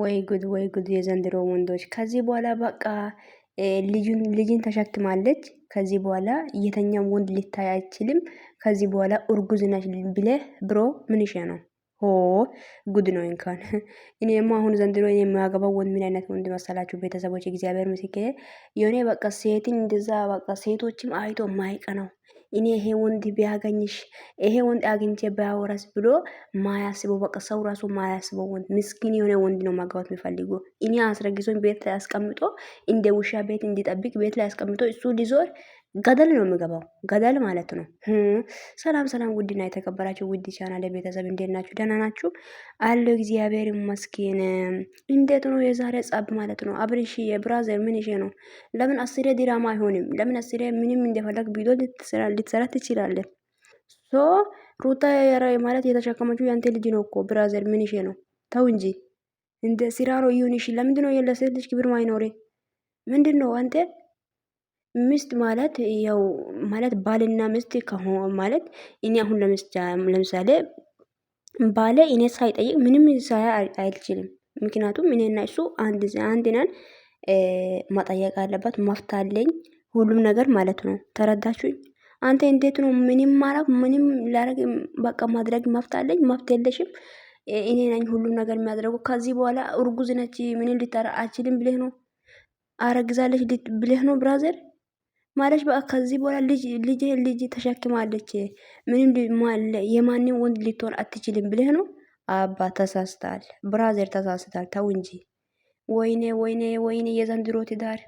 ወይ ጉድ ወይ ጉድ! የዘንድሮ ወንዶች ከዚህ በኋላ በቃ ልጅን ተሸክማለች። ከዚህ በኋላ የተኛም ወንድ ሊታይ አይችልም። ከዚህ በኋላ እርጉዝ ነች ብለ ብሮ ምንሽ ነው? ሆ ጉድ ነው እንኳን እኔማ አሁን ዘንድሮ የሚያገባው ወንድ ምን አይነት ወንድ መሰላችሁ? ቤተሰቦች እግዚአብሔር ምስክሬ የሆነ በቃ ሴትን እንደዛ በቃ ሴቶችም አይቶ ማይቀ ነው እኔ ይሄ ወንድ ቢያገኝሽ ይሄ ወንድ አግኝቼ ባያወራስ ብሎ ማያስበው በቃ ሰው ራሱ ማያስበው ወንድ ምስኪን የሆነ ወንድ ነው ማግባት የሚፈልጉ። እኔ አስረግዞኝ ቤት ላይ አስቀምጦ እንደ ውሻ ቤት እንዲጠብቅ ቤት ላይ አስቀምጦ እሱ ሊዞር ገደል ነው የምገባው፣ ገደል ማለት ነው። ሰላም ሰላም፣ ውድና የተከበራችሁ ውድ ቻናል ቤተሰብ እንዴት ናችሁ? ደህና ናችሁ? አለው እግዚአብሔር ይመስገን። እንዴት ነው የዛሬ ጸብ ማለት ነው? አብርሽ የብራዘር ምን ይሄ ነው? ለምን አስሬ ዲራማ አይሆንም? ለምን አስሬ ምንም እንደፈለግ ቢዶ ልትሰራ ትችላለን። ሶ ሩታ ማለት የተሸከመችው ያንተ ልጅ ነው እኮ ብራዘር፣ ምን ይሄ ነው? ተው እንጂ እንደ ስራ ነው ይሁን። ይሽ። ለምንድነው ነው ልጅ ክብር ማይኖሬ? ምንድን ነው አንተ ሚስት ማለት ያው ማለት ባልና ሚስት ከሆነ ማለት እኔ አሁን ለምሳሌ ባለ እኔ ሳይጠይቅ ምንም ሳያ አይችልም። ምክንያቱም እኔና እሱ አንድ አንድ ነን። መጠየቅ አለበት መፍታለኝ ሁሉም ነገር ማለት ነው። ተረዳችሁኝ? አንተ እንዴት ነው ምንም ማረግ ምንም ላረግ በቃ ማድረግ መፍታለኝ መፍት የለሽም። እኔ ነኝ ሁሉም ነገር የሚያደርገው። ከዚህ በኋላ እርጉዝ ነች ምን ልታረ አችልም ብለህ ነው አረግዛለች ብለህ ነው ብራዘር ማለች በቃ ከዚህ በኋላ ልጅ ልጅ ልጅ ተሸክማለች ምንም የማንም ወንድ ልትሆን አትችልም ብለህ ነው? አባ ተሳስታል፣ ብራዘር ተሳስታል። ተው እንጂ ወይኔ ወይኔ ወይኔ የዘንድሮ ትዳር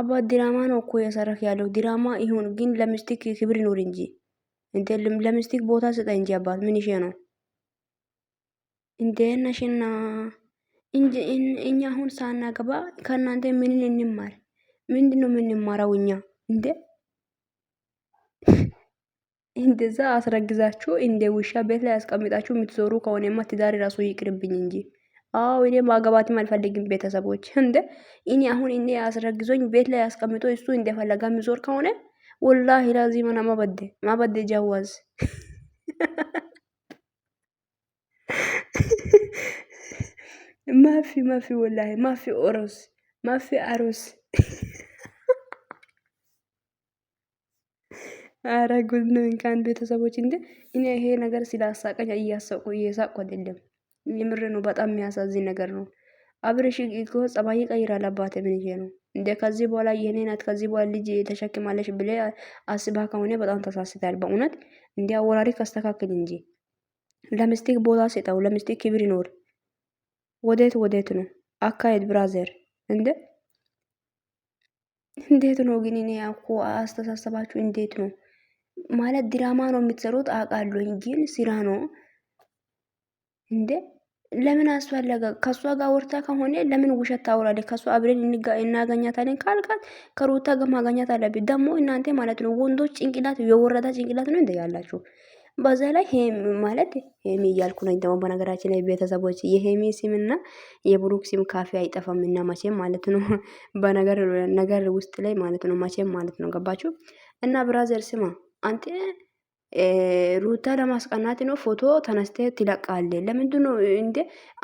አባ ድራማ ነው እኮ የሰራክ ያለው ድራማ ይሁን፣ ግን ለምስቲክ ክብር ይኑር እንጂ እንዴ ለምስቲክ ቦታ ስጠ እንጂ አባት ምን ይሄ ነው እንዴ ነሽና እንጂ እኛ አሁን ሳናገባ ከእናንተ ምንን እንማር? ምንድን ነው የምንማረው እኛ? እንደ እንደዛ አስረግዛችሁ እንደ ውሻ ቤት ላይ አስቀምጣችሁ የምትዞሩ ከሆነማ ትዳር ራሱ ይቅርብኝ እንጂ። አዎ እኔ ማገባትም አልፈልግም። ቤተሰቦች እንደ እኔ አሁን እኔ አስረግዞኝ ቤት ላይ አስቀምጦ እሱ እንደፈለጋ የሚዞር ከሆነ ወላሂ ላዚም አና ማበደ ማበደ ጃዋዝ ማፊ ማፊ ወላሂ ማፊ ኦሮስ ማፊ አሮስ አረ ጉድ እንኳን ቤተሰቦች እንደ እኔ ይሄ ነገር ሲላሳቀኝ እያሳቁ እየሳቁ አይደለም፣ የምር ነው። በጣም የሚያሳዝን ነገር ነው። አብርሽ እኮ ጸባይ ቀይራል። አባቴ ምን ይሄ ነው እንደ ከዚህ በኋላ የኔ ናት ከዚህ በኋላ ልጅ ተሸክማለች ብለ አስባ ከሆነ በጣም ተሳስታል። በእውነት እንዲ አወራሪ ከስተካከል እንጂ ለምስቲክ ቦታ ስጠው፣ ለምስቲክ ክብር ይኖር። ወዴት ወዴት ነው አካሄድ ብራዘር እንደ እንዴት ነው ግን? እኔ እኮ አስተሳሰባችሁ እንዴት ነው? ማለት ድራማ ነው የምትሰሩት አውቃለሁኝ፣ ግን ስራ ነው እንዴ? ለምን አስፈለገ? ከሷ ጋር ወርታ ከሆነ ለምን ውሸት ታውራለ? ከሷ አብረን እናገኛታለን ካልካት ከሩታ ጋር ማገኛት አለብ። ደግሞ እናንተ ማለት ነው ወንዶች ጭንቅላት የወረዳ ጭንቅላት ነው እንዴ ያላችሁ። በዛ ላይ ማለት ሄሚ እያልኩ ነው። ደግሞ በነገራችን ላይ ቤተሰቦች የሄሚ ስምና የብሩክ ስም ካፌ አይጠፋም እና መቼም ማለት ነው በነገር ነገር ውስጥ ላይ ማለት ነው መቼም ማለት ነው ገባችሁ እና ብራዘር ስማ አንተ ሩታ ለማስቀናት ነው ፎቶ ተነስተ ትለቃለ። ለምንድን ነው እንደ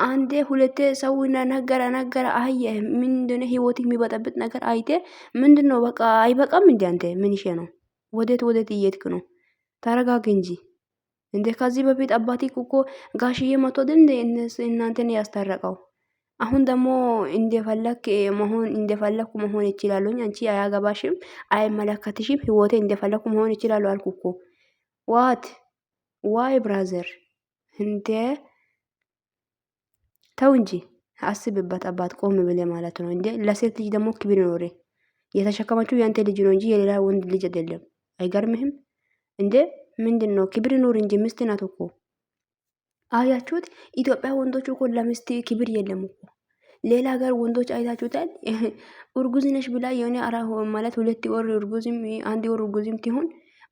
አንዴ ሁለቴ ሰው ነገረ ነገረ አየ ምንድነ ህይወት የሚበጠብጥ ነገር አይቴ ምንድን ነው በቃ አይበቃም እንዴ? አንተ ምን ይሄ ነው? ወዴት ወዴት እየትክ ነው? ተረጋግ እንጂ እንዴ። ከዚህ በፊት አባቴ እኮ ጋሽዬ መቶ ድን እናንተን ያስታረቀው አሁን ደግሞ እንደፈለክ መሆን እንደፈለኩ መሆን እችላለሁኝ። አንቺ አያገባሽም አይመለከትሽም ህይወቴ እንደፈለኩ መሆን ይችላሉ አልኩ እኮ። ዋት ዋይ ብራዘር እንዴ! ተው እንጂ አስብበት አባት፣ ቆም ብለ ማለት ነው እንዴ። ለሴት ልጅ ደግሞ ክብር ይኖር። የተሸከማችሁ ያንተ ልጅ ነው እንጂ የሌላ ወንድ ልጅ አይደለም። አይገርምህም እንዴ? ምንድነው? ክብር ይኖር እንጂ ምስት ናት እኮ አያችሁት? ኢትዮጵያ ወንዶች እኮ ለሚስት ክብር የለም እኮ። ሌላ ሀገር ወንዶች አይታችሁታል? እርጉዝ ነሽ ብላ የሆነ አራ ማለት ሁለት ወር እርጉዝም አንድ ወር እርጉዝም ትሆን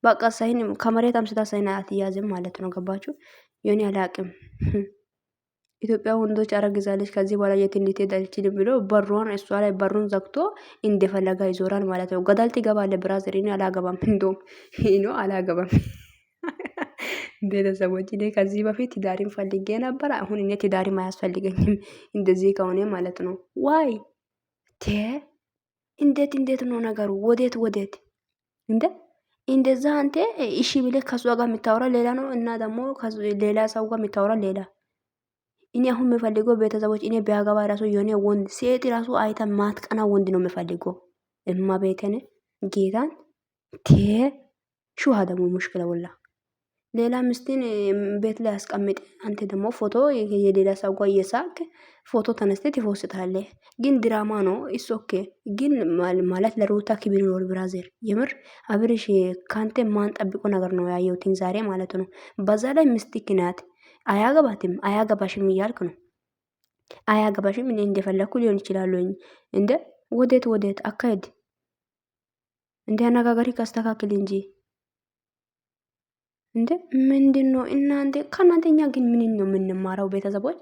በቃ ሳይን ከመሬት አምስታ ሳይን አትያዝም ማለት ነው። ገባችሁ? የሆነ አላቅም ኢትዮጵያ ወንዶች አረግዛለች ከዚህ በኋላ የት እንድትሄድ አልችልም ብሎ በሩን እሷ ላይ በሩን ዘግቶ እንደፈለጋ ይዞራል ማለት ነው። ገዳል ትገባለ ብራዘር። እኔ አላገባም፣ እንደውም ይኖ አላገባም። ቤተሰቦች እኔ ከዚህ በፊት ዳሪ ፈልጌ ነበር። አሁን እኔ ትዳርም አያስፈልገኝም እንደዚህ ከሆነ ማለት ነው። ዋይ ቴ እንዴት እንዴት ነው ነገሩ? ወዴት ወዴት እንደ እንደዛ አንተ እሺ ብለ ከሷ ጋር የምታወራ ሌላ ነው እና ደግሞ ሌላ ሰው ጋር የምታወራ ሌላ። እኔ አሁን የምፈልገው ቤተሰቦች፣ እኔ ቢያገባ ራሱ የሆነ ወንድ ሴት ራሱ አይተ ማትቀና ወንድ ነው የምፈልገው። እማ ቤተነ ጌታን ቴ ሹሃ ደግሞ ሙሽክለ ወላ ሌላ ምስትን ቤት ላይ አስቀምጥ። አንተ ደግሞ ፎቶ የሌላ ሰው ጋር እየሳቅ ፎቶ ተነስተ ትፎስታለህ። ግን ድራማ ነው። ኢስ ኦኬ። ግን ማለት ለሩታ ክብር ይኖር ብራዘር። የምር አብርሽ ካንተ ማን ጠብቆ ነገር ነው ያየሁትን ዛሬ ማለት ነው። በዛ ላይ ሚስትክ ናት። አያገባትም፣ አያገባሽም እያልክ ነው። አያገባሽም እኔ እንደፈለግኩ ሊሆን ይችላሉ። እንደ ወዴት ወዴት አካሄድ እንደ አነጋገሪ ካስተካክል እንጂ እንዴ ነው እናንተ ከእናንተ እኛ ግን ምን ነው የምንማረው? ቤተሰቦች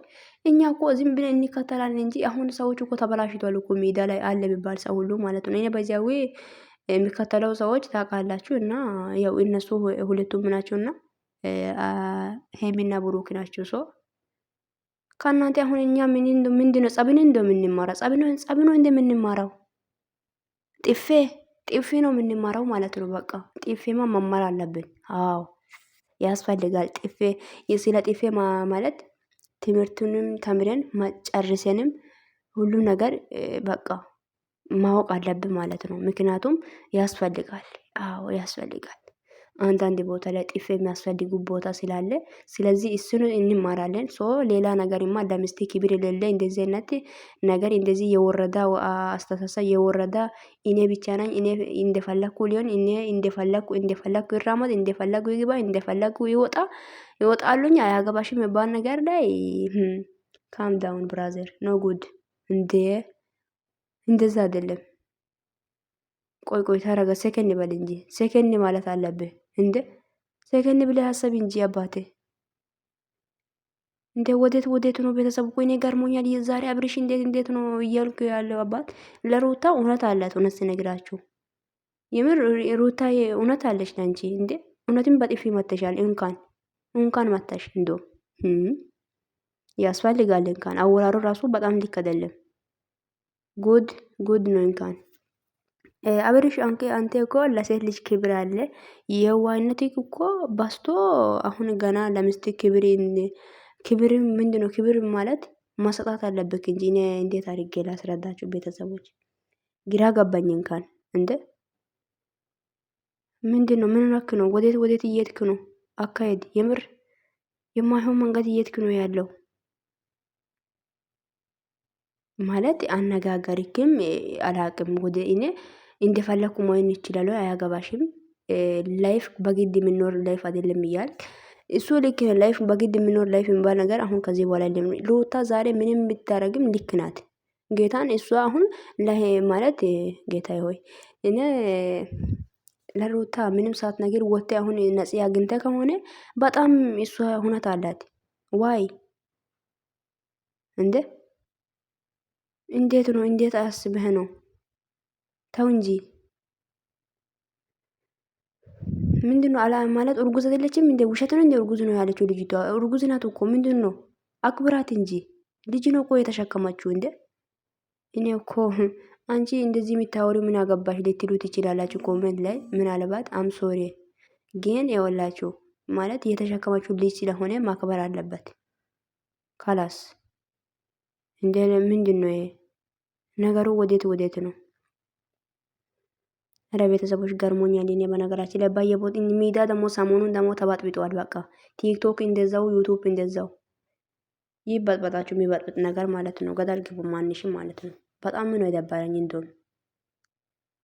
እኛ እኮ ዝም ብለን እንከተላለን እንጂ አሁን ሰዎች እኮ ተበላሽቷል እኮ ሜዳ ላይ አለ ቢባል ሰው ሁሉ ማለት ነው። እኔ በዚያው የሚከተለው ሰዎች ታውቃላችሁ። እና ያው እነሱ ሁለቱም ናቸውና ሄሚና ብሩክ ናቸው። ሶ ከእናንተ አሁን እኛ ምን ምንድነው ጸብን እንደምንማራ ጸብን ጸብን እንደምንማራው ጥፌ ጥፌ ነው የምንማረው ማለት ነው። በቃ ጥፌማ መማር አለብን። አዎ ያስፈልጋል። ጥፌ የስለ ጥፌ ማለት ትምህርቱንም ተምረን ጨርሰንም ሁሉም ነገር በቃ ማወቅ አለብን ማለት ነው። ምክንያቱም ያስፈልጋል። አዎ ያስፈልጋል አንዳንድ ቦታ ላይ ጥፍ የሚያስፈልጉ ቦታ ስላለ ስለዚህ እሱን እንማራለን። ሶ ሌላ ነገርማ ለሚስት ክብር የሌለ እንደዚህ አይነት ነገር እንደዚህ የወረዳ አስተሳሰብ የወረዳ እኔ ብቻ ነኝ እኔ እንደፈለኩ ሊሆን እኔ እንደፈለኩ እንደፈለኩ ይራመድ እንደፈለኩ ይግባ እንደፈለኩ ይወጣ ይወጣሉኝ አያገባሽም የሚባል ነገር ላይ ካም ዳውን ብራዘር ኖ ጉድ እንደ እንደዛ አይደለም። ቆይ ቆይ ተረጋ ሴከንድ በል እንጂ ሴከንድ ማለት አለብህ። እንደ ሰከን ብለ ሀሳብ እንጂ አባቴ እንደ ወዴት ወዴት ነው ቤተሰብ? ቆይ እኔ ገርሞኛል። የዛሬ አብርሽ እንዴት እንዴት ነው እያልኩ ያለው አባት ለሩታ እውነት አላት። እውነት ስነግራችሁ የምር ሩታ እውነት አለች ለአንቺ። እንደ እውነትም በጥፊ መተሻል። እንኳን እንኳን መታሽ እንዶ ያስፈልጋል። እንኳን አወራሩ ራሱ በጣም ልክ ጉድ ጉድ ነው እንኳን አበርሽ አንኬ አንተ እኮ ለሴት ልጅ ክብር አለ። የዋህነት እኮ ባስቶ አሁን ገና ለሚስት ክብር ክብር ነው? ክብር ማለት ማሰጣት አለበት እንጂ እኔ እንዴት አድርጌ ላስረዳችሁ? ቤተሰቦች ግራ ገባኝ። እንካን እንደ ነው? ምን ነክ ነው? ወዴት ወዴት እየትክ ነው? አካሄድ የምር የማይሆን መንገድ እየትክ ነው ያለው ማለት አነጋገርክም አላቅም ወደ እኔ እንደፈለኩ መሆን ይችላል። አያገባሽም። ላይፍ በግድ የምኖር ላይፍ አይደለም እያልክ እሱ ልክ ነው። ላይፍ በግድ የምኖር ላይፍ የሚባል ነገር አሁን ከዚህ በኋላ የለም። ሩታ ዛሬ ምንም ብታረግም ልክ ናት። ጌታን እሷ አሁን ላይ ማለት ጌታ ሆይ እኔ ለሩታ ምንም ሰዓት ነገር ወጥተ አሁን ነጽ አግኝተ ከሆነ በጣም እሷ ሁነት አላት። ዋይ እንዴ! እንዴት ነው? እንዴት አስበህ ነው? ተው እንጂ ምንድነው? አላ ማለት እርጉዝ አይደለችም እንዴ? ውሸት ነው እንዴ? እርጉዝ ነው ያለችው ልጅቷ እርጉዝ ናት እኮ ምንድነው? አክብራት እንጂ ልጅ ነው እኮ የተሸከማችሁ እንዴ። እኔ እኮ አንቺ እንደዚህ የሚታወሪ ምን አገባሽ ልትሉ ትችላላችሁ ኮመንት ላይ ምናልባት አም ሶሪ ግን የወላችሁ ማለት የተሸከመችው ልጅ ስለሆነ ማክበር አለበት። ካላስ እንደ ምንድን ነው ነገሩ? ወዴት ወዴት ነው? ረ ቤተሰቦች ገርሞኛል። እኔ በነገራችን ላይ ባየቦት ሚዲያ ደግሞ ሰሞኑን ደግሞ ተባጥብጠዋል። በቃ ቲክቶክ እንደዛው፣ ዩቱብ እንደዛው ይህ በጥበጣችሁ የሚበጥብጥ ነገር ማለት ነው። ገደል ግቡ ማንሽም ማለት ነው። በጣም ነው የደበረኝ እንደውም